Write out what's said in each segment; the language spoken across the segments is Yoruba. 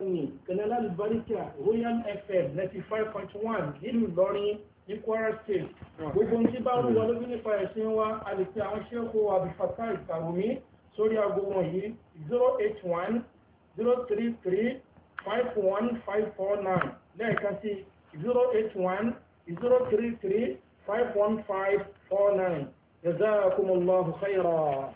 Hmm, kẹlẹ́lá lùbáríkà royal fm ninety five point one nílùú ìlọrin ní kwara state gbogbo ní bá wù wá lójú nípa ẹ̀sìn wa a lè pe àwọn ṣẹ́kù abifata ìtàwùmí sórí aago wọ̀nyí zero eight one zero three three five one five four nine lẹ́ẹ̀kan sí zero eight one zero three three five one five four nine jazakumullahu khairan.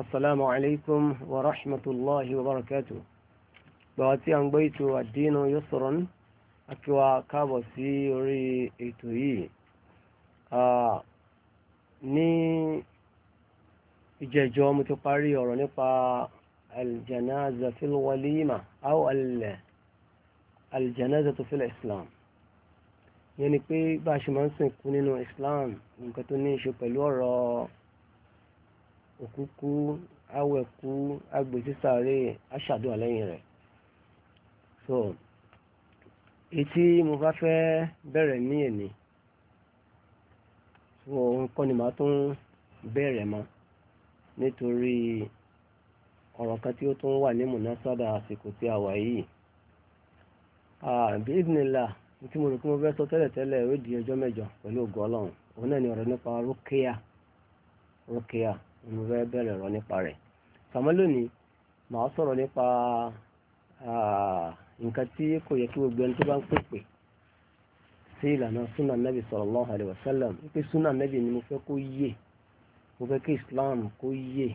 السلام عليكم ورحمة الله وبركاته بواتي عن بيت الدين يسرا أكوا كابو سيوري إتوي آه ني ìjẹjọ mo ti parí ọ̀rọ̀ nípa aljanaza fil walima aw aljanaza tó fil islam yẹn ni pé bá a ṣe máa ń sìnkú nínú islam nǹkan tó ní í ṣe pẹ̀lú ọ̀rọ̀ òkú kú awẹ̀ aṣàdúrà lẹ́yìn rẹ̀ so etí mo bá fẹ́ bẹ̀rẹ̀ ní èní so nǹkan ni màá tún bẹ̀rẹ̀ mọ́ nítorí ọ̀rọ̀ kan tí ó tún wà ní múnásádà àsìkò tí a wà yìí àbí tí mo rò pé mo fẹ́ sọ tẹ́lẹ̀tẹ́lẹ̀ di ọjọ́ mẹ́jọ pẹ̀lú ọlọ́run òun náà ni ọ̀rọ̀ nípa rókèá mo fẹ́ bẹ̀rẹ̀ ọ̀rọ̀ nípa rẹ̀ kàmọ́ lónìí màá sọ̀rọ̀ nípa nǹkan tí kò yẹ kí gbogbo ẹni tó bá ń pèpè sí ìlànà súnà sallallahu alaihi wasallam pé súnà nàbì ni mo fẹ́ kó yé mo fẹ́ kí islam kó yé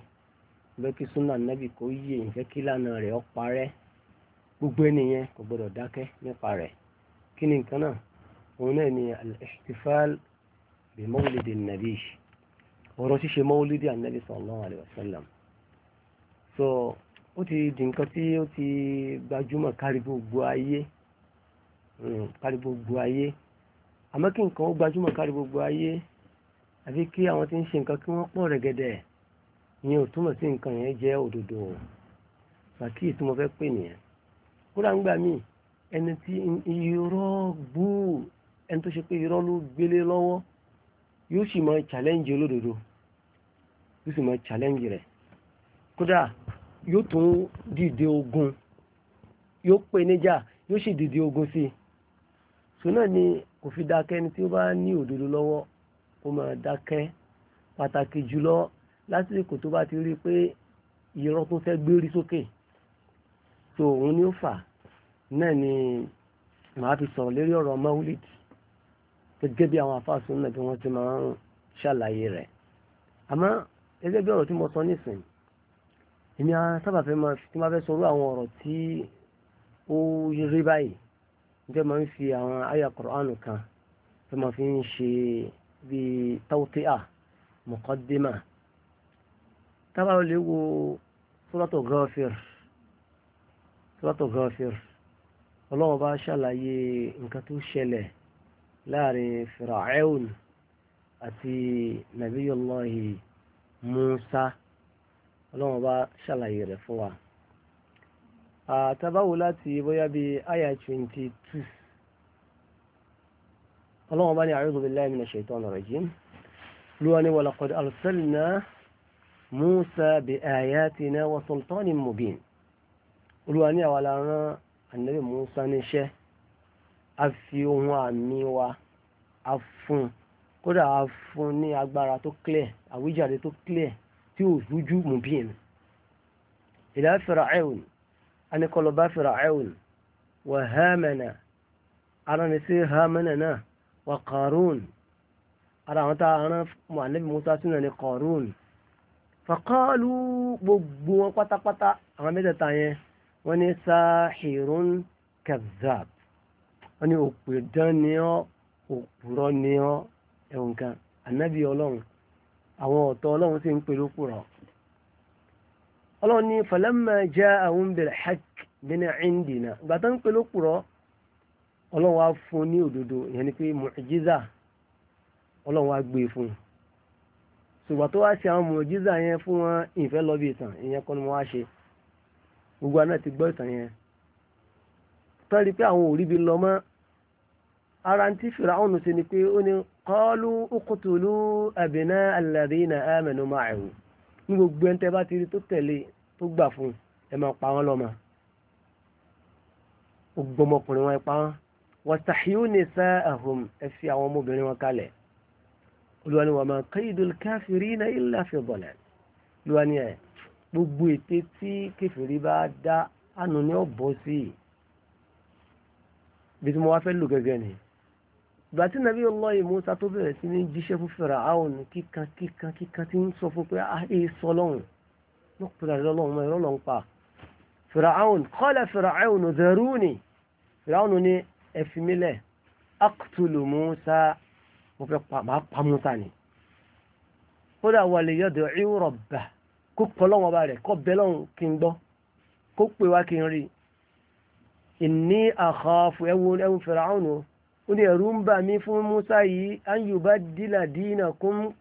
mo fẹ́ kí súnà kó yé kí ìlànà rẹ̀ gbogbo ènìyàn kò gbọdọ̀ dákẹ́ nípa rẹ̀ kí ni nǹkan náà òun náà ni ọ̀rọ̀ ṣíṣe mọ́wúlídì ànábì sallallahu alaihi wasallam so ó ti di nǹkan tí ó ti gbajúmọ̀ kárí gbogbo ayé hmm, kárí gbogbo ayé àmọ́ kí nǹkan ó gbajúmọ̀ kárí gbogbo ayé àbí kí àwọn tí ń ṣe nǹkan kí wọ́n pọ̀ rẹ̀gẹ̀dẹ̀ ìyẹn ò túmọ̀ sí nǹkan yẹn jẹ́ òdodo màkìí tí mo fẹ́ pè nìyẹn kódà ń gbà ẹni tí irọ́ gbúù ẹni tó ṣe pé irọ́ ló gbélé lọ́wọ́ yóò sì máa challenge olódodo yóò sì máa challenge rẹ̀ kódà yóò tún dìde ogun yóò pè níjà yóò sì dìde ogun sí i so náà ni kò fi dákẹ́ ni tí ó bá ní òdodo lọ́wọ́ ó máa dákẹ́ pàtàkì jùlọ lásìkò tó bá ti rí i pé irọ́ tó fẹ́ gbérí sókè so òun ni ó fà náà ni màá fi sọ̀rọ̀ lérí ọ̀rọ̀ mawulid gẹ́gẹ́ bí àwọn afáàsù náà bí wọ́n ti máa ń ṣàlàyé rẹ̀ àmọ́ gẹ́gẹ́ bí ọ̀rọ̀ tí mo sọ nísìnyí èmi sábà fẹ́ máa tí máa fẹ́ sọ àwọn ọ̀rọ̀ tí ó rí báyìí nígbà máa ń fi àwọn àyà kọ̀ọ̀ánù kan tó máa fi ń ṣe bí tawti'a muqaddima tábà lè wo suratu Ghafir suratu Ghafir ọlọ́wọ́n bá ṣàlàyé nǹkan tó ṣẹlẹ̀ láàrin firaun àti nabiyullahi musa ọlọ́run bá ṣàlàyé rẹ̀ fún wa àtàbáwò láti bóyá bí àyà twenty two ọlọ́run bá ní a'udhu billahi minash shaitanir rajim lúwa ní walaqad arsalna musa bi ayatina wa sultanin mubin olúwa ní àwọn aláran ànábì musa níṣẹ́ a fi ohun àmì wa a fún un kódà a fún un ní agbára tó clear àwíjàre tó clear tí ò rújú mú bí ẹ̀mí. ìlà Fir'aun anikọlọba Fir'aun wà Hámánà aránisí Hámánà náà wà Qarun ara àwọn tá a rán mọ ànábì Mùsá sínú ẹni Qarun fàkọ́ọ̀lù gbogbo wọn pátápátá àwọn mẹ́tẹ̀ẹ̀ta yẹn wọ́n ní sáhìrún kazzab wọ́n ní òpèdán ni ọ́ òpùrọ́ ni ọ́ ẹ̀wọ̀n kan ànábì ọlọ́run àwọn ọ̀tọ̀ ọlọ́run sì ń pè lópùrọ́ ọlọ́run ní falamma ja'ahum bil haqq min indina ìgbà tó ń pè lópùrọ́ ọlọ́run wá fún ní òdodo ìyẹn ni pé mu'jiza ọlọ́run wá gbé e fún un ṣùgbọ́n tó wá ṣe àwọn mu'jiza yẹn fún wọn ìfẹ́ lọ́bì ìtàn ìyẹn kọ́ ni mo wá ṣe gbogbo aná ti gbọ́ ìtàn yẹn tán rí pé àwọn ò ríbi lọ mọ́ ara tí fìràwọn ṣe ni pé ó ní qalu uqtulu abna alladhina amanu ma'ahu ní gbogbo ẹni tẹ́ bá ti rí tó tẹ̀lé tó gbà fún ẹ máa pa wọ́n lọ́mọ ògbọmọkùnrin wọn ẹ pa wọ́n wastahyu nisa'ahum ẹ fi àwọn ọmọbìnrin wọn kalẹ̀ olùwàní wa ma kaidul kafirina illa fi dalal olùwàní ẹ gbogbo ète tí kẹfìrí bá dá ànú ni ó bọ́ sí i bí tí mo wá fẹ́ lù gẹ́gẹ́ ni ìgbà tí nàbí ọlọ́yìn Musa tó bẹ̀rẹ̀ sí ní jíṣẹ́ fún Fáráò kíkan kíkan kíkan tí ń sọ fún pé àyè ah, sọ lọ́hùn wọ́n pèrè lọ́lọ́hùn mọ́ ẹ̀rọ lọ́hùn pa Fáráò qala Fáráò zaruni Fáráò ní ẹ̀fìmílẹ̀ aqtulu Musa mo fẹ́ pa Musa ni kódà wà lè yọ̀dọ̀ ìwúrọ̀ bà kó pọ̀ lọ́wọ́ bá rẹ̀ kó bẹ́ lọ́hùn kí n gbọ́ kó pè wá kí n rí i ìní àkọ́fù ẹwọ́n ẹwọ́n fìràwọ̀nù ó ní ẹ̀rú ń bà mí fún Musa yìí ayùbá dìlà dìínà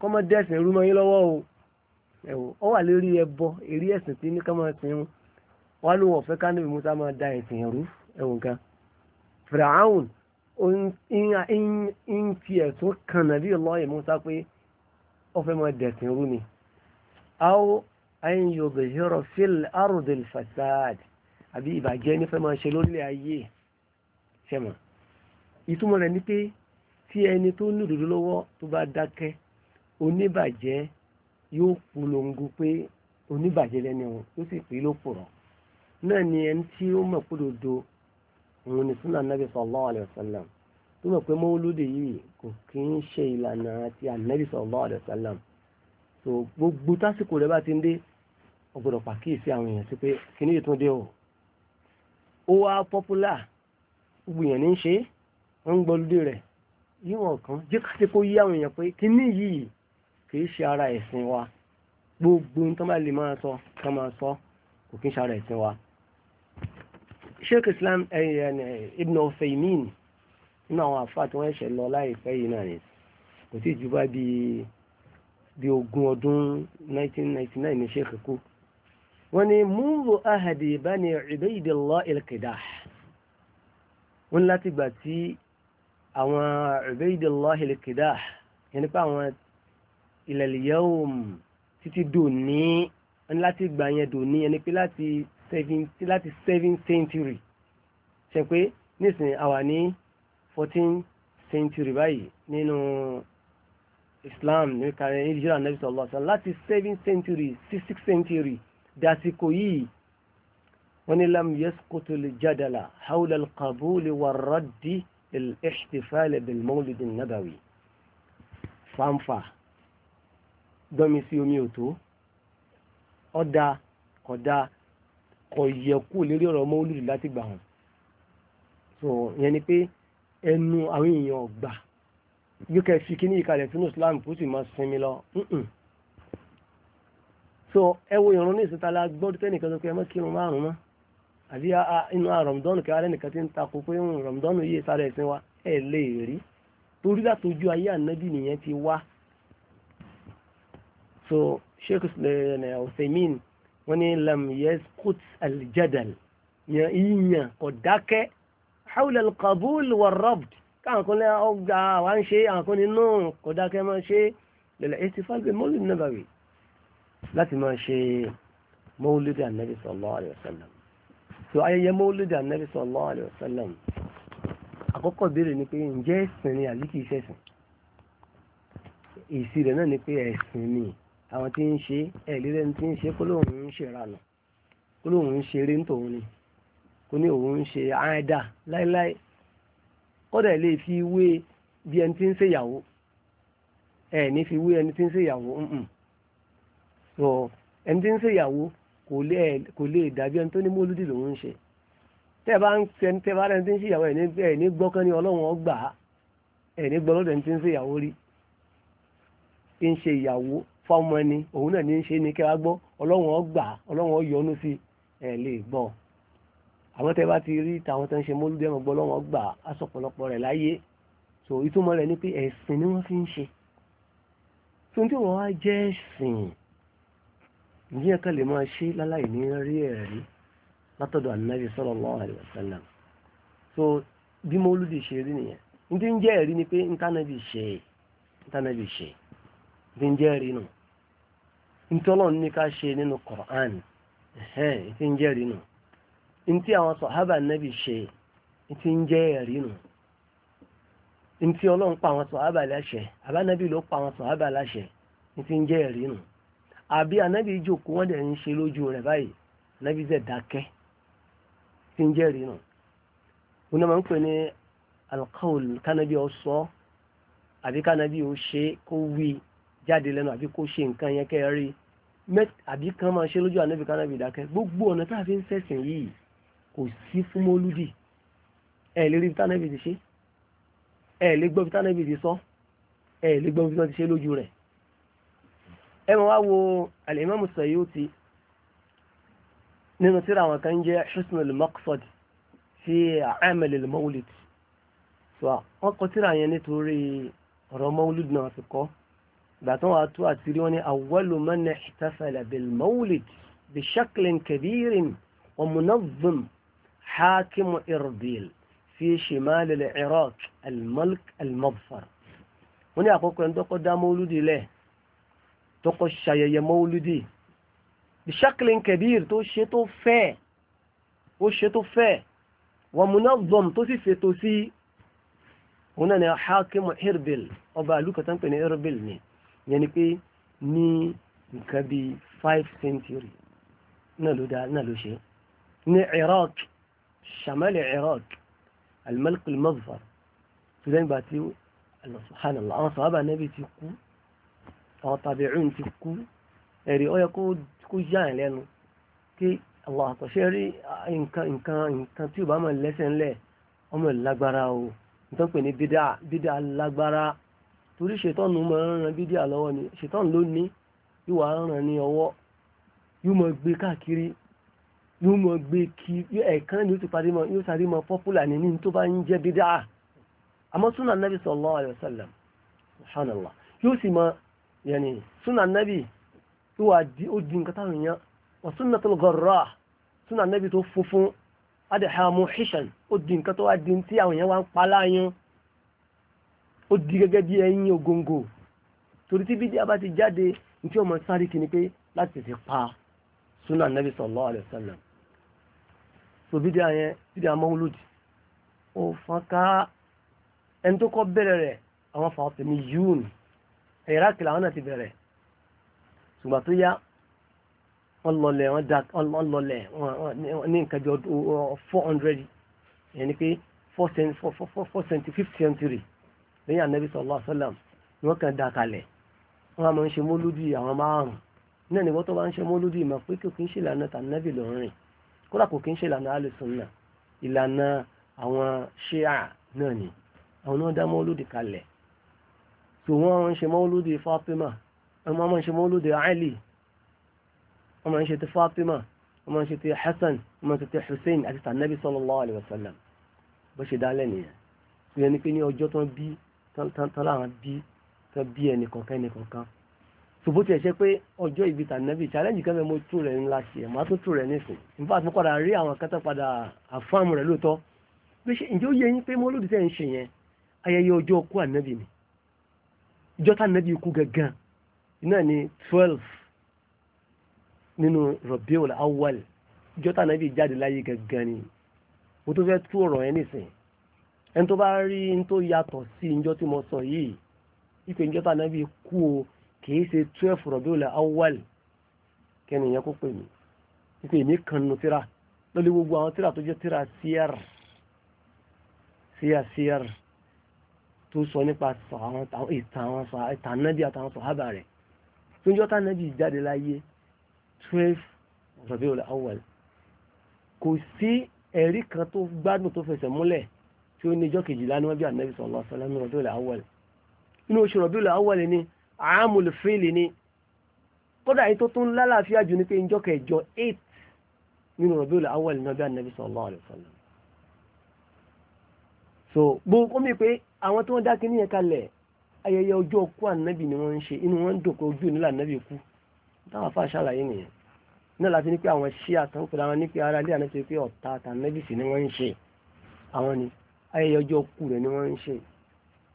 kọ́mọdẹ́sìn ẹ̀rú mọ́ yín lọ́wọ́ o ẹ̀wọ̀ ọ wà lórí ẹbọ èrí ẹ̀sìn tí ní kọ́mọ ẹ̀sìn wọn wà ló wọ̀ fẹ́ kánú Musa máa da ẹ̀sìn ẹ̀rú ẹ̀wọ̀n kan fìràwọ̀n ń fi ẹ̀sùn kan nàbí lọ́ọ̀yẹ̀ Musa pé ó fẹ́ máa dẹ̀sìn ẹ̀rú ni. àwọn ayé yorùbá yọrọ fíl arúdìl fasad àbí ìbàjẹ́ nífẹ̀ẹ́ máa ṣe lórílẹ̀ ayé ṣẹ̀mọ̀ ìtumọ̀ rẹ̀ ni pé tí ẹni tó ní òdodo lọ́wọ́ tó bá dákẹ́ oníbàjẹ́ yóò polongo pé oníbàjẹ́ lẹ́ni wọn yóò sì pé ló náà ni ẹni tí ó mọ̀ pé òdodo òun ni súnà nàbì sallallahu alaihi wasallam tó mọ̀ pé mọ́wólódé yìí kò kí ń ṣe ìlànà àti ànábì sallallahu alaihi wasallam tó gbogbo tásìkò rẹ̀ bá ti ń dé ọgbọ́dọ̀ pàkíyèsí àwọn èèyàn sí pé kíní yìí tún dé o ó wá pọ́pùlà gbìyàn ní ṣe wọ́n ń gbọ́lódé rẹ̀ yíwọ̀n kan jẹ́ ká ti kó yí àwọn èèyàn pé kíní yìí kì í ṣe ara ẹ̀sìn wa gbogbo tó bá lè máa sọ ká máa sọ kò kí ń ṣe ara ẹ̀sìn wa. sheikh islam eh, eh, eh, ibn Uthaymin nínú àwọn àfáà tí wọ́n ṣẹ̀ lọ láìpẹ́ yìí náà ni kò tí ì ju bá bíi ogún ọdún 1999 ní sheikh kú wọ́n ní múlò ahàdì bá ní Ubaydillah al-Qidah wọ́n láti gbà tí àwọn Ubaydillah al-Qidah yẹn nípa àwọn ilal-yawm títí dòní wọ́n láti gbà yẹn dòní yẹn ni pé láti láti seven century ṣe pé nísìnyí àwa ní fourteen century báyìí nínú Islam ní kàrin ìjírà nàbìsọ̀ lọ́sàn láti seven century sí six century dasiko yìí wọ́n ní lam yasqutu li jadala hawla alqabuli warraddi al-ihtifali bil mawlid an-nabawi fanfa gbọ́mi sí omi òtó ọ̀dà kọ̀dà kọ̀yẹ̀kú lérí ọ̀rọ̀ mọ́lúdì láti gbà hàn so yẹn ni pé ẹnu àwọn èèyàn ọ̀gbà yóò kẹ́ fi kíní ìkàlẹ̀ sínú Islam kó sì máa sinmi lọ so ẹ wo ìrún ní ìsìta la gbọ́dọ̀ tẹ́nìkan tó pé ẹ mọ́ kírun márùn mọ́ àbí inú rọ̀mùdọ́nù kí alẹ́ nìkan ti ń takò pé ń rọ̀mùdọ́nù yìí sára ẹ̀sìn wa ẹ̀ lè rí torí látòjú ayé ànábì nìyẹn ti wá so sheikh ọ̀sẹ̀mìn wọ́n ní lam yasqut al-jadal yẹn ìyàn kò dákẹ́ hawla al-qabul war-rabd káwọn kan lẹ́ ọgbà wa ń ṣe àwọn kan nínú kò dákẹ́ máa ṣe lẹ́lẹ́ láti máa ṣe mọ́wúlídì ànábì sallallahu alayhi wa sallam tó ayẹyẹ mọ́wúlídì ànábì sallallahu alayhi wa sallam àkọ́kọ́ béèrè ni pé ǹjẹ́ ẹ̀sìn ni àbí kìí ṣẹ̀sìn èsì rẹ̀ náà ni pé ẹ̀sìn ni àwọn tí ń ṣe ẹ̀lẹ́rẹ́ tí ń ṣe kólóhùn ń ṣe ìranà kólóhùn ń ṣe eré nítòun ni kó ní òun ń ṣe àádá láíláí kódà lè fi wé bí ẹni tí ń ṣèyàwó ẹ̀ ní fi wé ẹni tí ń ṣèyàwó nǹkan so ẹni tí ń ṣèyàwó kò lè dàbí ẹni tó ní mólúdì lòun ń ṣe tẹ́ ẹ bá ń sẹni tẹ́ ẹ bá rẹ ẹni tí ń ṣèyàwó ẹ̀ ní gbọ́kán ní ọlọ́run ọgbà ẹ̀ ní gbọ́ lọ́dọ̀ ẹni tí ń ṣèyàwó rí ń ṣe ìyàwó fọmọ ni òun náà ní ń ṣe ni kẹ́ wá gbọ́ ọlọ́run ọgbà ọlọ́run ọyọnu sí ẹ̀ lè gbọ́ àwọn tẹ́ bá ti rí tàwọn tó ń ṣe mólúdì ẹ̀mọ̀ gbọ́ ọlọ́run ọgbà so ìtumọ̀ rẹ̀ ni pé ẹ̀sìn ni wọ́n fi ń ní ẹ̀ka lè máa ṣe láláì ní rí ẹ̀rí látọ̀dọ̀ ànábì sallallahu alaihi wasallam so bí mọ́lúdì ṣe rí nìyẹn ní tí ń jẹ́ ẹ̀rí ni pé ntánàbì ṣe ntánàbì ṣe ní jẹ́ ẹ̀rí nù ntọ́lọ́ ní ká ṣe nínú Qur'an ẹ̀hẹ́n ti ń jẹ́ ẹ̀rí nù ntí àwọn sọ̀hábà ànábì ṣe ti ń jẹ́ ẹ̀rí nù ntí ọlọ́run pa àwọn sọ̀hábà láṣẹ ló pa àwọn sọ̀hábà láṣẹ ti ń jẹ́ ẹ̀rí nù. àbí ànábì ìjòkó wọ́n dẹ̀ ń ṣe lójú rẹ̀ báyìí ànábì zẹ̀ dákẹ́ tí ń jẹ́rìí nù. wọn náà máa ń pè ní alqaul kánábì ó sọ àbí kánábì ó ṣe kó wí jáde lẹ́nu àbí kó ṣe nǹkan yẹn kẹ́ rí àbí kan máa ṣe lójú ànábì kánábì dákẹ́ gbogbo ọ̀nà tá a fi ń ṣẹ̀sìn yìí kò sí fún mọ́lúdì ẹ̀ lè rí ti ṣe ẹ̀ lè gbọ́ bí tánábì ti sọ ẹ̀ lè gbọ́ bí wọ́n ti ṣe lójú rẹ̀ ẹ mọ̀ wá wo alimami Sayuti nínú tírà àwọn kan jẹ́ Husnul Maqsad fi amal al-Mawlid so wọ́n kọ tírà yẹn nítorí ọ̀rọ̀ mawlid náà ti kọ́ gbàtàn wà tó àtìrí wọn ni awwalu man ihtasala bil mawlid بشكل كبير ومنظم حاكم إربيل في شمال العراق الملك المظفر هنا أقول أن تقول مولود له tó kọ́ ṣayẹyẹ mọ́wúlúdì bishakilin kabir tó ṣe tó fẹ́ ó ṣe tó fẹ́ wọ́n munazzam tó sì ṣètò sí òun náà ni hakim Irbil ọba àlùkàtà ń pè ní Irbil ni yẹn ni pé ní nǹkan bíi five century náà ló dá náà ló ṣe ní Iraq shamali Iraq al-Malik tó lẹ́yìn gbà tí subhanallah àwọn sọ̀rọ̀ àbá nẹ́bí ti kú. àwọn tàbíùn ti kú ẹ̀rí ó yẹ kó yá ẹ̀ lẹ́nu kí àwọn rí nǹkan nǹkan tí ò bá mọ̀ lẹ́sẹ̀ ńlẹ̀ ọmọ ìlágbára o nítorí pè ní bídà bídà lágbára torí ṣètọ́nù máa ń ran bídà lọ́wọ́ ni ṣètọ́nù ló ní ìwà ní ọwọ́ yóò mọ̀ gbé káàkiri yóò mọ̀ gbé kí ẹ̀ẹ̀kan ni ó ti parí yóò sáré pọ́pùlà ní ní tó bá ń jẹ́ bídà àmọ́ yẹni suna nabi tó wà di ó nǹkan táwọn èèyàn wà suna tó gọ̀rọ̀ súnà nẹ́bì tó funfun adìhàmù hìṣàn ó di nǹkan tó wà di tí àwọn èèyàn ń pa láyún ó di gẹ́gẹ́ bí ẹyin torí tí ti jáde ní tí ọmọ sáré kìíní pé láti pa suna nabi sọlọ alaihi so ó ká ẹni tó iraq làwọn náà ti bẹ̀rẹ̀ ṣùgbọ́n tó yá wọ́n lọlẹ̀ wọ́n da wọ́n lọlẹ̀ wọ́n ní nǹkan jọ four hundred yẹn ni pé four century fifth century lẹ́yìn anabi sallallahu alaihi wasallam ni wọ́n kàn da kalẹ̀ wọ́n á máa ń ṣe mọ́lúdì àwọn márùn-ún náà ni wọ́n tó bá ń ṣe mọ́lúdì mà pé kò kí ń ṣe ìlànà tànàbì lọ́rìn kódà kò kí ń ṣe ìlànà alùsùnà ìlànà àwọn ṣíà náà ni àwọn náà dá mọ́lúdì kalẹ̀ tó wọ́n máa ń ṣe mọ́lúdì Fatima wọ́n máa ń ṣe mọ́lúdì Ali wọ́n máa ń ṣe ti Fatima wọ́n máa ń ṣe ti Hassan wọ́n máa ń ṣe ti Hussein àti tànàbí sallallahu alayhi wa sallam bó ṣe dálẹ̀ nìyẹn tó yẹ ni pé ní ọjọ́ tán bí tán láwọn bí tán bí ẹnì kọ̀ọ̀kan ẹnì kọ̀ọ̀kan tòbó tiẹ̀ ṣe pé ọjọ́ ìbí tànàbí challenge kẹ́fẹ́ mo tú rẹ̀ ńlá ṣe ni ìjọta nàbí ikú gangan náà ni twelve nínú Rabiul Awwal ìjọta nàbí jáde láyé gangan ni mo tó fẹ́ tú ọ̀rọ̀ yẹn nìsín ẹni tó bá rí ní tó yàtọ̀ sí ìjọ tí mo sọ yìí ìpè ìjọta nàbí ikú o kìí ṣe twelve Rabiul Awwal kẹ́ni ìyẹn kó pè mí ìpè mí kan nù tíra lọ́lẹ́ gbogbo àwọn tíra tó jẹ́ tíra síyàr síyàr síyàr tó sọ nípa ìtàn nábì àtàwọn sọ̀hábà rẹ̀ tó ń jọ́ tá nábì jáde láyé twelve Rabiul Awwal kò sí ẹ̀rí kan tó gbádùn tó fẹsẹ̀ múlẹ̀ tí ó ní ijọ́ kejìlá ni wọ́n bí ànábì sallallahu alaihi wasallam Rabiul Awwal inú oṣù Rabiul Awwal ni àámùlù fíìlì ni kódà yìí tó tún lálàáfíà jù ní pé ijọ́ kẹjọ eight nínú Rabiul Awwal ni wọ́n bí ànábì sallallahu alaihi wasallam so gbogbo mi pé àwọn tó ń dá kí níyẹn kalẹ̀ ayẹyẹ ọjọ́ kú ànábì ni wọ́n ń ṣe inú wọn ń dùn pé ojú ìnílà ànábì kú táwọn afá ṣàlàyé nìyẹn náà láti ní pé àwọn ṣí àtàn pẹ̀lú àwọn ní pé ara ilé ànábì pé ọ̀tá àtànábì sì ni wọ́n ń ṣe àwọn ni ayẹyẹ ọjọ́ kú rẹ̀ ni wọ́n ń ṣe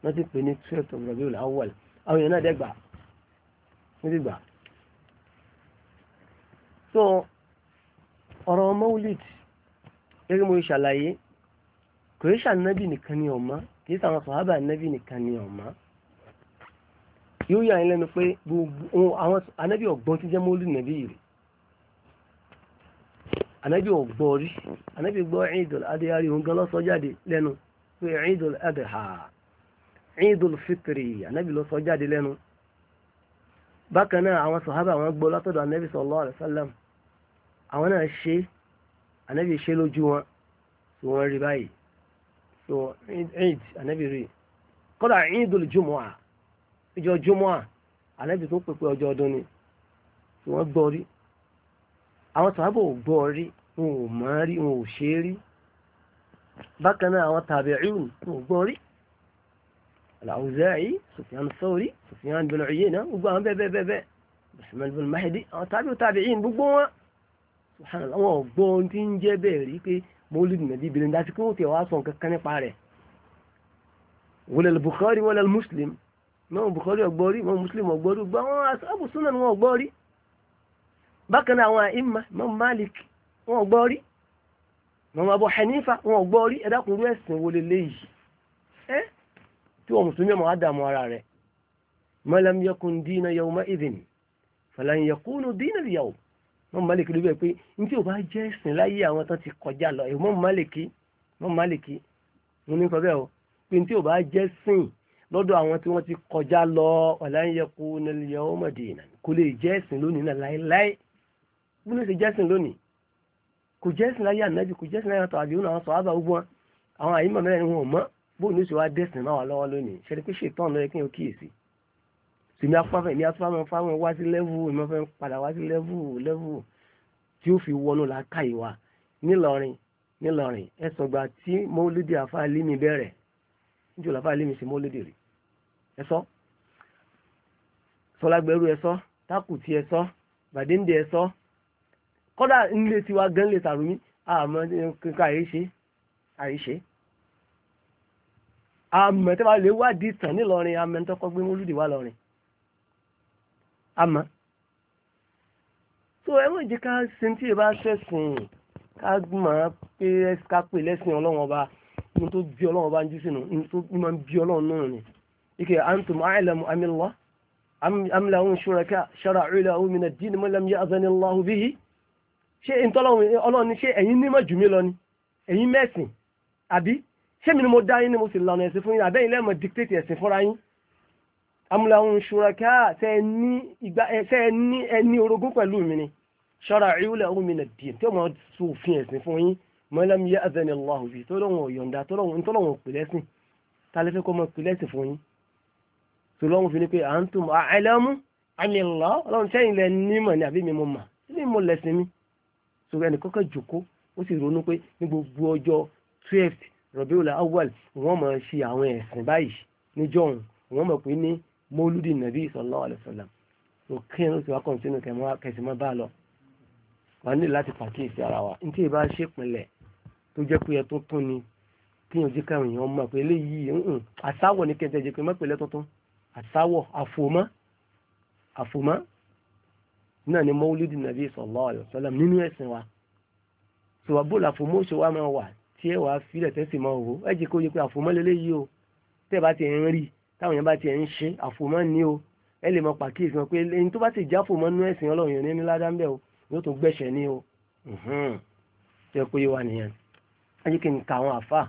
wọ́n ti pè ní twelve of Rabiul Awwal àwọn èèyàn náà dẹ́gbà níbi gbà. so ọ̀rọ̀ maulid gẹ́gẹ́ mo ṣàlàyé kò é ṣànábì ni ọ̀ma kì í sàwọn sọ̀hábà nẹ́bí nìkan ni ọ̀mọ́ yóò yà ń pé gbogbo àwọn anẹ́bí ọ̀gbọ́n ti jẹ́ mọ́lú nẹ́bí rẹ̀ anabi ọ̀gbọ́n rí anẹ́bí gbọ́ Eidul Adha òun gan lọ́sọ jáde lẹ́nu pé Eidul Fitri anabi lọ́sọ jáde lẹ́nu bákan náà àwọn sọ̀hábà wọn gbọ́ látọ̀dọ̀ anẹ́bí sallallahu alaihi àwọn náà ṣe anẹ́bí ṣe lójú wọn tí wọ́n rí báyìí so eid anabi rí kódà eidul jumua ìjọ jumua anabi tó pèpè ọjọ́ ọdún ni tí wọ́n gbọ́ rí àwọn sàábò gbọ́ rí wọn ò mọ̀ rí wọn ò ṣe rí bákan náà àwọn tàbí'ùn wọn ò gbọ́ rí al-Awza'i Sufyan Thawri Sufyan bin Uyayna gbogbo àwọn bẹ́ẹ̀ bẹ́ẹ̀ bẹ́ẹ̀ Usman bin Mahdi àwọn tàbí'ù tàbí'ìn gbogbo wọn wọn ò gbọ́ ohun tí ń jẹ́ bẹ́ẹ̀ rí pé mọ́lìdì nàbí ìbìlẹ̀ ní àti pé ó ti wá sọ nǹkan kan nípa rẹ̀ wọlé Bukhari wọlé Muslim náà Bukhari ọgbọ́rí wọn Muslim ọgbọ́rí gbọ́ àwọn asábù súnà ni wọn ọgbọ́rí bákan náà àwọn àìmà mọ́ Malik wọn ọgbọ́rí mọ́ Abu Hanifa wọn ọgbọ́rí ẹ̀dákùnrin ẹ̀sìn wọlé léyìí ẹ́ tí wọn mùsùlùmí ọmọ àdàmú ara rẹ̀ malam yakun dina yawma idhin falan yakunu dina al mọ́mú máàlìkì ló bẹ̀ pé ní tí ò bá jẹ́ ẹ̀sìn láyé àwọn tán ti kọjá lọ ẹ̀ mọ́mú máàlìkì mọ́mú máàlìkì mo ní sọ bẹ́ẹ̀ o pé ní tí ò bá jẹ́ sìn lọ́dọ̀ àwọn tí wọ́n ti kọjá lọ ọ̀làǹyẹ̀kú nílẹ̀ ọmọdé kò lè jẹ́ ẹ̀sìn lónìí náà láéláé bí ló ṣe jẹ́ ẹ̀sìn lónìí kò jẹ́ ẹ̀sìn láyé ànábì kò jẹ́ ẹ̀sìn láyé àtàwọn àdéhùn àwọn sọ̀hábà ní afáfẹ́ fáwọn wá sí lẹ́vù ìmọ̀fẹ́ padà wá sí lẹ́vù lẹ́vù tí ó fi wọnú làákà ìwà nílọrin nílọrin ẹsọgbà tí mọ́lídìí àfáàlímì bẹ̀rẹ̀ níjọ́ làfáàlímì sí mọ́lídìí rí ẹsọ́ sọlágbẹ́rú ẹsọ́ tákùtì ẹsọ́ bàdéǹdè ẹsọ́ kọ́dà nílé tiwa gan lè sàrùmí àmọ́ kíkà àìṣe àìṣe àmọ́ tẹ́wàá lè wádìí tàn nílọrin àmọ́ tọ́kọ́ gbé mọ́lídìí wá lọrin àmọ́ so ẹ wọ́n jẹ́ ká sin tí ẹ bá ṣẹ̀sìn ká máa pé ká pè lẹ́sìn ọlọ́run ọba ní tó bí ọlọ́run ọba ń jí sínú ní tó máa ń bí ọlọ́run náà ni ike antum a'lamu amillah am lahum shuraka shara'u lahu min ad-din ma lam ya'zan Allahu bihi ṣé ọlọ́run ni ṣé ẹ̀yin ní mọ̀jú mi lọ ni ẹ̀yin mẹ́sìn àbí ṣé mi ni mo dá yín ni mo sì lànà ẹ̀sìn fún yín àbẹ́yìn lẹ́mọ̀ dictate ẹ̀sìn fúnra yín amúláhùn ṣúraká tẹ ní ẹni orogún pẹ̀lú mi ni shara'u lahum min ad-din tí wọ́n sọ òfin ẹ̀sìn fún yín ma lam ya'zan Allahu bihi tó lọ́wọ́ yọ̀ǹda tó lọ́wọ́ pèlẹ́sìn tálẹ́fẹ́ kọ́ mọ́ pèlẹ́sìn fún yín tó lọ́wọ́ fi ni pé antum a'lamu ani Allah ọlọ́run sẹ́yìn lẹ nímọ̀ ni àbí mi mo mà ní mo lẹ̀sìn mi tó ẹnì kọ́kọ́ jòkó ó sì ronú pé ní gbogbo ọjọ́ twelfth Rabiul Awwal wọ́n máa a ní láti pàkíyèsí ara wa ní tí ì bá ṣe pinlẹ̀ tó jẹ́ pé ẹ tó tún ni kíyàn jẹ́ káwọn èèyàn mọ̀ pé eléyìí ń àsáwọ̀ ní kẹjẹ jẹ́ pé mọ́pẹ̀lẹ́ tuntun àsáwọ̀ àfòmọ́ àfòmọ́ náà ni mọ́wúlídì nàbí sallallahu alaihi wasallam nínú ẹ̀sìn wa sọ̀rọ̀ bóòlù àfòmọ́ òṣè wa máa wà tí ẹ wàá fílẹ̀ tẹ́sí máa wò ẹ jẹ́ kó yẹ pé àfòmọ́ lélẹ́yìí o tẹ́ bá ti ń rí táwọn èèyàn bá ti ń ṣe àfòmọ́ ni o ẹ lè mọ pàkíyèsí wọn pé ẹni tó bá ti jáfòmọ́ nú ẹ̀sìn ọlọ́run yẹn ní yóò tó gbẹ̀ṣẹ̀ ní o tí ó péye wà nìyẹn ajé kí n ka àwọn àfa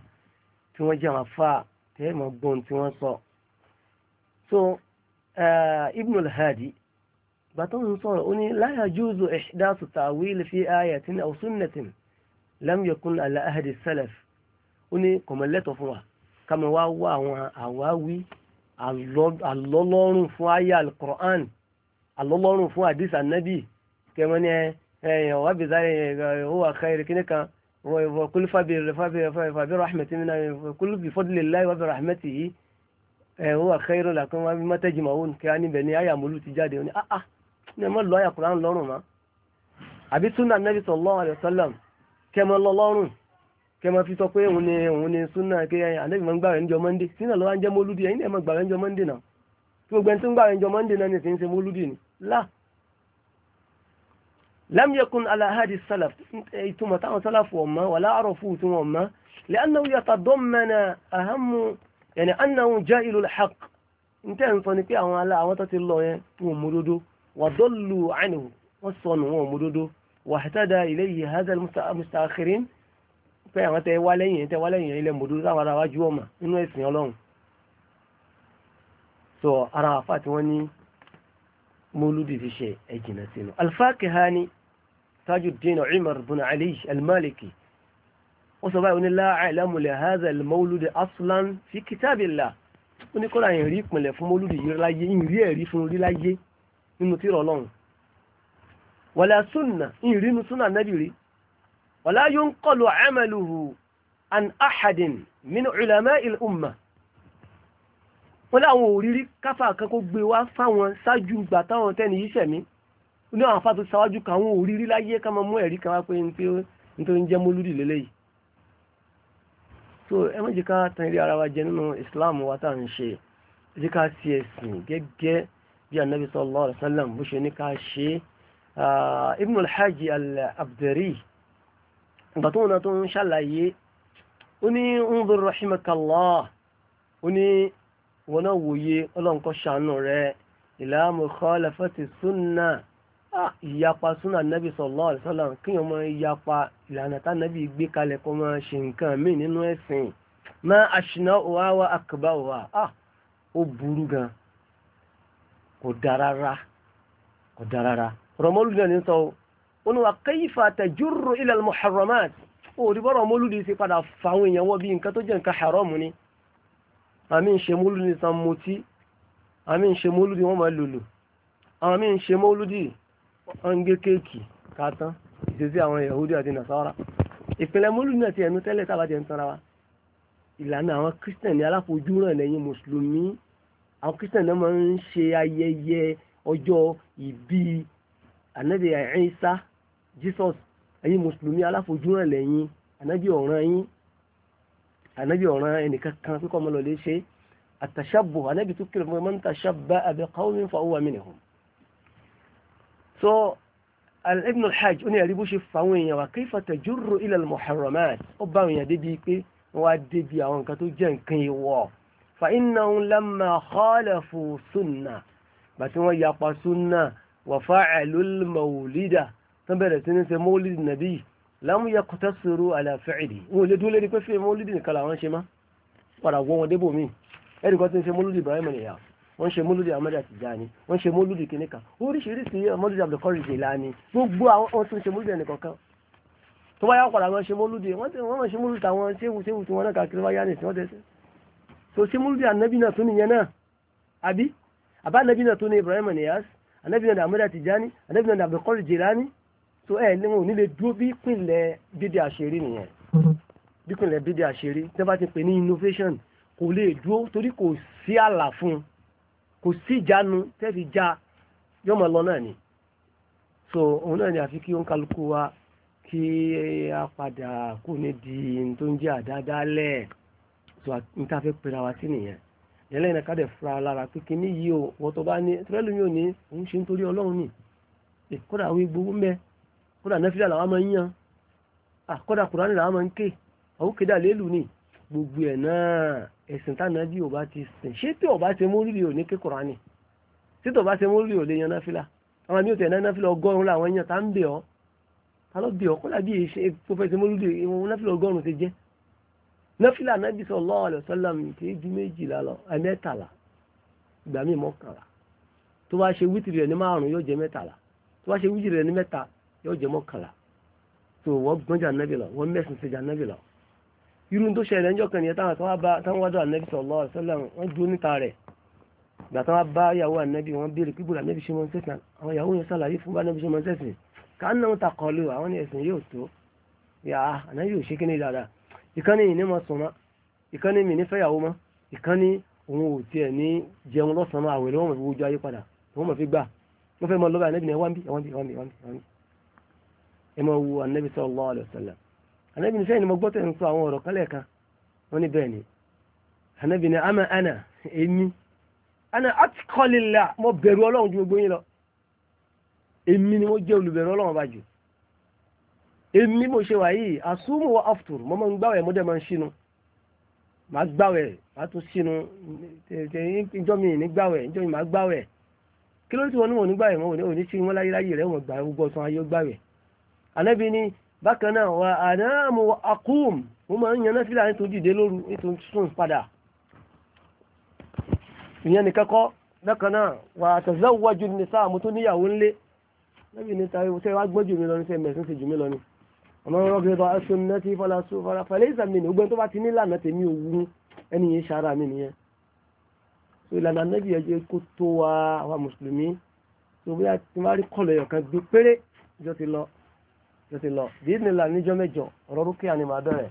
tí wọ́n jẹ́ àwọn àfa tẹ́ mọ̀ gbọ́n tí wọ́n sọ. so ibn al-hadi bàtọ́ ń sọ̀rọ̀ ó ní la yajuzu ihdathu ta'wil fi ayatin aw sunnatin lam yakun ala ahdi salaf ó ní kọ̀mọ̀lẹ́tọ̀ fún wa kama wá wá àwọn àwáwí alọ́lọ́rùn fún àyà al alọ́lọ́rùn fún àdìs ànábì kẹmọ ní ẹ wà bí sáré ó wà káyìrì kíní kan kúlù fàbí fàbí fàbí rahmeti mi náà kúlù bí fọdúlélàyé wà bí rahmeti yìí ẹ ó wà káyìrì làkàn wà bí mọ́tẹ́jì màá wò kí á níbẹ̀ ní àyà mọ́lù ti jáde ó ní ah ah ní ẹ má lọ àyà Kùránì lọ́rùn mọ́ àbí sunna nabi sallallahu alayhi wa sallam kẹmọ lọ lọ́rùn kẹmọ fi sọ pé òun ni òun ni súnà kí ànábì máa ń gbàwẹ̀ níjọ́ mọ́ndé sínà lọ́wọ́ ń jẹ́ mọ́lúdì ẹ̀yin náà máa gbàwẹ̀ níjọ́ mọ́ndé náà gbogbo ẹni tó ń gbàwẹ̀ níjọ́ mọ́ndé náà ni sì ń ṣe mọ́lúdì ni lá لم يكن على هذه السلف ثم تعالى سلف وما ولا عرفوه ثم وما لأنه يتضمن أهم يعني أنه جائل الحق انتهى صنفيا على عوطة الله ومدود وضل عنه والصن ومدود واهتدى إليه هذا المستأخرين فيما تيوالين تيوالين إلى مدود وراواجوما إنه يسمي الله سو أرافات وني مولودي في شيء أجنة سنو الفاكهة هاني تاج الدين عمر بن علي المالكي وسبعه لا أعلم لهذا المولود أصلا في كتاب الله wọ́n ní kọ́lá ìrìn ìpìnlẹ̀ lẹ̀ fún mọ́lúdì yìí láyé ìrí ẹ̀rí fún orí láyé nínú tírà ọlọ́run wàlá súnà ìrí inú súnà nẹ́bì rí wàlá yóò ń kọlu amaluhu an ahadin min ulama il umma wọ́n láwọn òrírí káfà kan kó gbé wá fáwọn ṣáájú ìgbà táwọn tẹ́ni yìí ṣẹ̀mí ní àwọn afáàtò ṣáwájú kan àwọn òrírí láyé ká máa mú ẹ̀rí kan wá pé nítorí ń jẹ́ mólúdì lélẹ́yìí so ẹ má jẹ́ ká tan ilé ara wa jẹ nínú Islam wa tá à ń ṣe jẹ́ ká sí ẹ̀sìn gẹ́gẹ́ bí anabi sallallahu alaihi wasallam bó ṣe ní ká ṣe Ibn al abdari ìgbà tó wọn tó ń ṣàlàyé ó ní ń wọn náà wòye ọlọ́nkọ́ ṣàánú rẹ ila mukhalafati súnà ìyapa súnà nàbì sallallahu alaihi wasallam kíyàn mọ ìyapa ìlànà tá nàbì gbé kalẹ̀ kó máa ṣe nǹkan míì nínú ẹ̀sìn ma àṣìná òwá wa àkàbà òwá ó burú gan kò dáa kò dáa rárá rọmọlúdì náà ní sọ ó ní wa kayfa tajurru ila al-muharramat ó rọmọlúdì sí padà fáwọn èèyàn wọ́ bí nǹkan tó jẹ́ nǹkan haramu ni àmì ń ṣe mólúdi ní san mutí àmì ń ṣe mólúdi wọ́n máa lòlò àwọn àmì ń ṣe mólúdi wọ́n ń gé kéèkì kàtán ìṣesí àwọn Yahudi àti Nasara ìpìlẹ̀ mólúdi náà ti ẹnu tẹ́lẹ̀ tá a bá jẹ́ ń tanra wa ìlànà àwọn Christian ní aláfojúràn lẹ́yìn mùsùlùmí àwọn Christian náà máa ń ṣe ayẹyẹ ọjọ́ ìbí ànábì Ìsá Jesus ẹ̀yin mùsùlùmí aláfojúràn lẹ́yìn ànábì ọ̀ràn yín ànábì ọ̀ràn ẹnìkan kan pé kọ́ ọmọ lọ́lẹ́ ṣe àtàṣàbò ànábì tó kìlọ̀ fún man tashabbaha bi qawmin fa huwa minhum. so ibn al-hajj ó ní ẹ̀rí bó ṣe fa àwọn èèyàn wa kayfa tajurru ila al-muharramat ó bá àwọn èèyàn débi pé wọ́n á débi àwọn nǹkan tó jẹ́ nǹkan ìwọ̀ fa innahum lamma khalafu sunna bàtí wọ́n yapa sunna wa fa'alul mawlida tó bẹ̀rẹ̀ sí ní ṣe mawlid nabi lámú yẹ kọtẹ́ sọ̀rọ̀ àlàfẹ́ẹ̀lì wọn ò lè dúró lérí pé fíìmù olùdí nìkan làwọn ṣe má padà wọ́n wọn débò míì ẹnì kan ti ń ṣe mọ́lúdì Ibrahim nìyà wọ́n ṣe mọ́lúdì Ahmed Atijani wọ́n ṣe mọ́lúdì kìnìkan oríṣiríṣi mọ́lúdì Abdulkari Jelani gbogbo àwọn tó ń ṣe mọ́lúdì ẹnìkan kan tó bá yà padà wọ́n ṣe mọ́lúdì wọ́n máa ṣe mọ́lúdì àwọn ṣéwù ṣéwù tí wọ́n náà kàkiri so ẹ eh, ní wọn ò ní lè dúró bí ìpínlẹ̀ bídí àṣírí nìyẹn bí ìpínlẹ̀ bídí àṣírí tí wọ́n ti pè ní innovation kò lè dúró torí kò sí àlà fún kò sí ìjánu tẹ́fi já yọmọ lọ náà ni so òun náà ni àfi kí òun kálukú wa kí a padà kú ní di tó ń jẹ́ àdádálẹ̀ so n ta fẹ́ pera wa sí nìyẹn yẹlẹ́ yìí ká dẹ̀ fura lára pé kí ní yìí o wọ́n tó bá ní tìrẹ́lù ní òun ṣe nítorí ọlọ́run ni kódà àwọn egbò ń bẹ́ẹ̀ kódà nẹ́fílà làwọn máa ń yan àkọ́dà kùránì làwọn máa ń ké àwòkédà lélù ni gbogbo ẹ̀ náà ẹ̀sìn táná bí ọba ti sìn ṣé tí ọba ti mú rírì ò ní ké kùránì tí tọba ti mú rírì ò lè yan nẹ́fílà àwọn àmì òtẹ̀ nẹ́fílà ọgọ́rùn-ún làwọn yan tá ń bẹ̀ ọ́ tá ló bẹ̀ ọ́ kódà bí èṣe pọfẹ́sì mú rírì ìwọ̀n nẹ́fílà ọgọ́rùn-ún ti jẹ́ sallallahu alaihi wasallam kì í ju méjìlá lọ ẹ̀mẹ́tàlá ìgbà míì mọ́kànlá tó bá ṣe wítìrì rẹ̀ ní márùn-ún yóò yóò jẹ mọ́kànlá tó wọ́n gbọ́njà nẹ́bì lọ wọ́n mẹ́sìn sí jànẹ́bì lọ. irú tó ṣẹlẹ̀ ńjọ́ kan nìyẹn táwọn àtàwọn bá táwọn wájú ànẹ́bì sallallahu alaihi wasallam wọ́n dúró níta rẹ̀ gbà táwọn bá yàwó ànẹ́bì wọ́n béèrè pípò ànẹ́bì ṣe mọ́ sẹ́sìn àwọn yàwó yẹn sàlàyé fún ànẹ́bì ṣe mọ́ sẹ́sìn káàná ń takọ̀lù àwọn ní ẹ̀sìn yóò tó yà á ànẹ́bì ò ṣe kíní dáadáa ìkànnì yìí ní mọ sùn mọ́ ìkànnì mi ní fẹ́yàwó mọ́ ìkànnì òun ò tiẹ̀ ní jẹun lọ́sàn-án àwẹ̀rẹ̀ wọn mọ̀ fi wojú ayé padà wọn mọ̀ fi gbà wọn fẹ́ mọ lọ́ba ànẹ́bì ní ẹwà ń bí ẹwà ń bí ẹwà ń bí ẹwà ń bí ẹ máa wo anabi sallallahu alaihi wasallam anabi ní sẹ́yìn ni mo gbọ́ tẹ̀ ń sọ àwọn ọ̀rọ̀ kálẹ̀ kan wọ́n ní bẹ́ẹ̀ ni anabi ní ama ana èmi ana atikọ́lélá mo bẹ̀rù ọlọ́run ju gbogbo yín lọ èmi ni mo jẹ́ olùbẹ̀rù ọlọ́run bá jù èmi mo ṣe wà yìí àsúmù wa aftur mo máa ń gbàwẹ̀ mo dẹ̀ máa ń ṣínú màá gbàwẹ̀ màá tún ṣínú ìjọ mi ní gbàwẹ̀ ìjọ mi màá gbàwẹ̀ kí ló ti wọn ní wọn ní gbàwẹ̀ mọ́ òní sí wọn láyé láyé rẹ̀ wọn gbà gbogbo ọ̀sán ayé gbàwẹ̀ anábì ni bákan náà wà àdáàmù akúùm mo máa ń yan náà fílà nítorí dìde lóru nítorí sùn padà ìyẹn nìkan kọ́ bákan náà wà àtàzáwájú ní sáà mo tó níyàwó ńlé lẹ́yìn ní tàbí sẹ́yìn wá gbọ́n jù mí lọ ní sẹ́yìn mẹ̀sìn sì jù mí lọ ni ọmọ ọmọ ọgbẹ́ tó ti lọ ló ti lọ bí nílà níjọ́ mẹ́jọ ọ̀rọ̀ rúkìá ni màá bẹ̀rẹ̀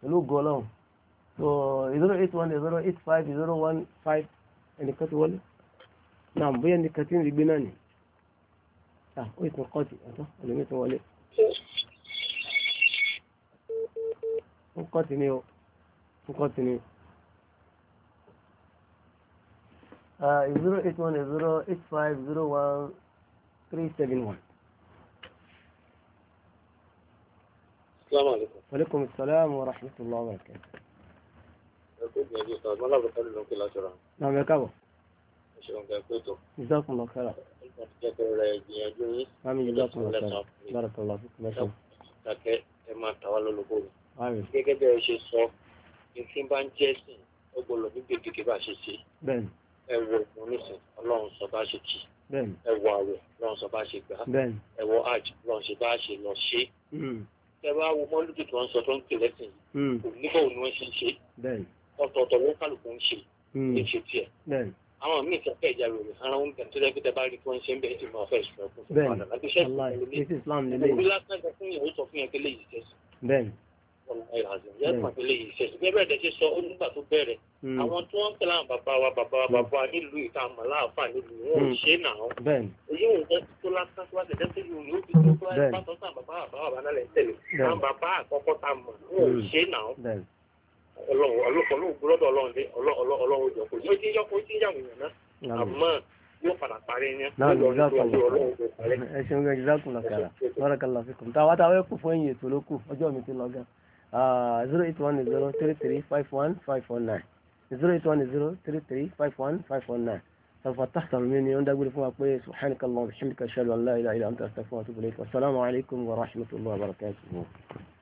pẹ̀lú gọlọ́hùn so zero eight one zero eight five zero one five ẹnìkan ti wọlé náà bóyá ẹnìkan ti ń rí gbé náà ni ó ìtàn kọ́ọ̀tì ẹ̀tọ́ ẹlòmíì ti wọlé ń kọ́ọ̀tì ni o ń kọ́ọ̀tì ni. Uh, one three seven one. السلام عليكم وعليكم السلام ورحمة الله وبركاته Nàà mẹ́ká bọ̀. Ìjọ́kùn lọ kẹ́rà. Àmì ìjọ́kùn lọ kẹ́rà. Bárakà lọ fún mẹ́ta. Kàkẹ́ ẹ máa tàwa lólobó rẹ̀. Àmì. Gẹ́gẹ́ bí ẹ ṣe sọ, ìfín bá ń jẹ́ sìn, ó gbọ́dọ̀ ní gbèdéke bá ṣe ṣe. Bẹ́ẹ̀ni. Ẹ wo ìgbọ̀n nísìn, Ọlọ́run sọ bá ṣe kì. Bẹ́ẹ̀ni. Ẹ wo àwẹ̀, Ọlọ́run sọ bá ṣe gbà. Bẹ́ẹ̀ni. Ẹ wo àjù, Ọlọ́run ṣe bá ṣe lọ ṣe. Hmm tẹ́wọ́ wo mọ́lúdì tí wọ́n sọ tó ń pè lẹ́sìn onígbà hmm. òní wọ́n ṣe ń ṣe ọ̀tọ̀ọ̀tọ̀ wọ́n kálukú ń ṣe ń hmm. ṣe tiẹ̀ àwọn míì sọ pé ìjà rẹ̀ rẹ̀ ara ń tẹ̀sí lẹ́gbẹ̀ẹ́ tẹ́ bá rí fún ṣe ń bẹ̀rẹ̀ sí máa fẹ́ sùn ẹ̀kún fún ọ̀nà láti ṣẹ́ẹ̀sì yàtọ̀ ilé ìṣẹ̀ṣù gẹ́gẹ́ bẹ́ẹ̀ ṣe sọ ó nígbà tó bẹ̀rẹ̀ hmm. àwọn tí wọ́n ń pẹ̀lú àwọn bàbá wa bàbá wa hmm. bàbá wa nílùú ìta àmọ́ láàfà nílùú wọn ò hmm. ṣe náà èyí ò ń jẹ́ tó lásán tó wá ṣẹ̀ṣẹ̀ tó yòó yóò fi tó tó láti bá tọ́sán bàbá bàbá bàbá náà lẹ̀ ń tẹ̀lé àwọn bàbá àkọ́kọ́ ta mọ̀ wọn ò ṣe náà ọlọ́run ọlọ́run gbọ́dọ̀ ọlọ́run dé ọlọ́run jọ kò yóò ti yọ kó ti yàwó yàn náà àmọ́ yóò padà parí ní ọlọ́run tó parí. ẹ ṣeun gẹ́gẹ́ jákùn lọ́kàrà lọ́rọ̀ kan lọ́fikùn táwa táwa ẹ̀kú fún ẹ̀yìn ètò lókù ọjọ́ mi ti lọ gan. Uh, zero eight one zero three three five one five one nine zero eight one zero three three five one five one nine Al-Fattah Salmi ni ó ń dágbére subhanaka Allahumma wa bihamdika anta astaghfiruka wa atubu alaikum wa rahmatullahi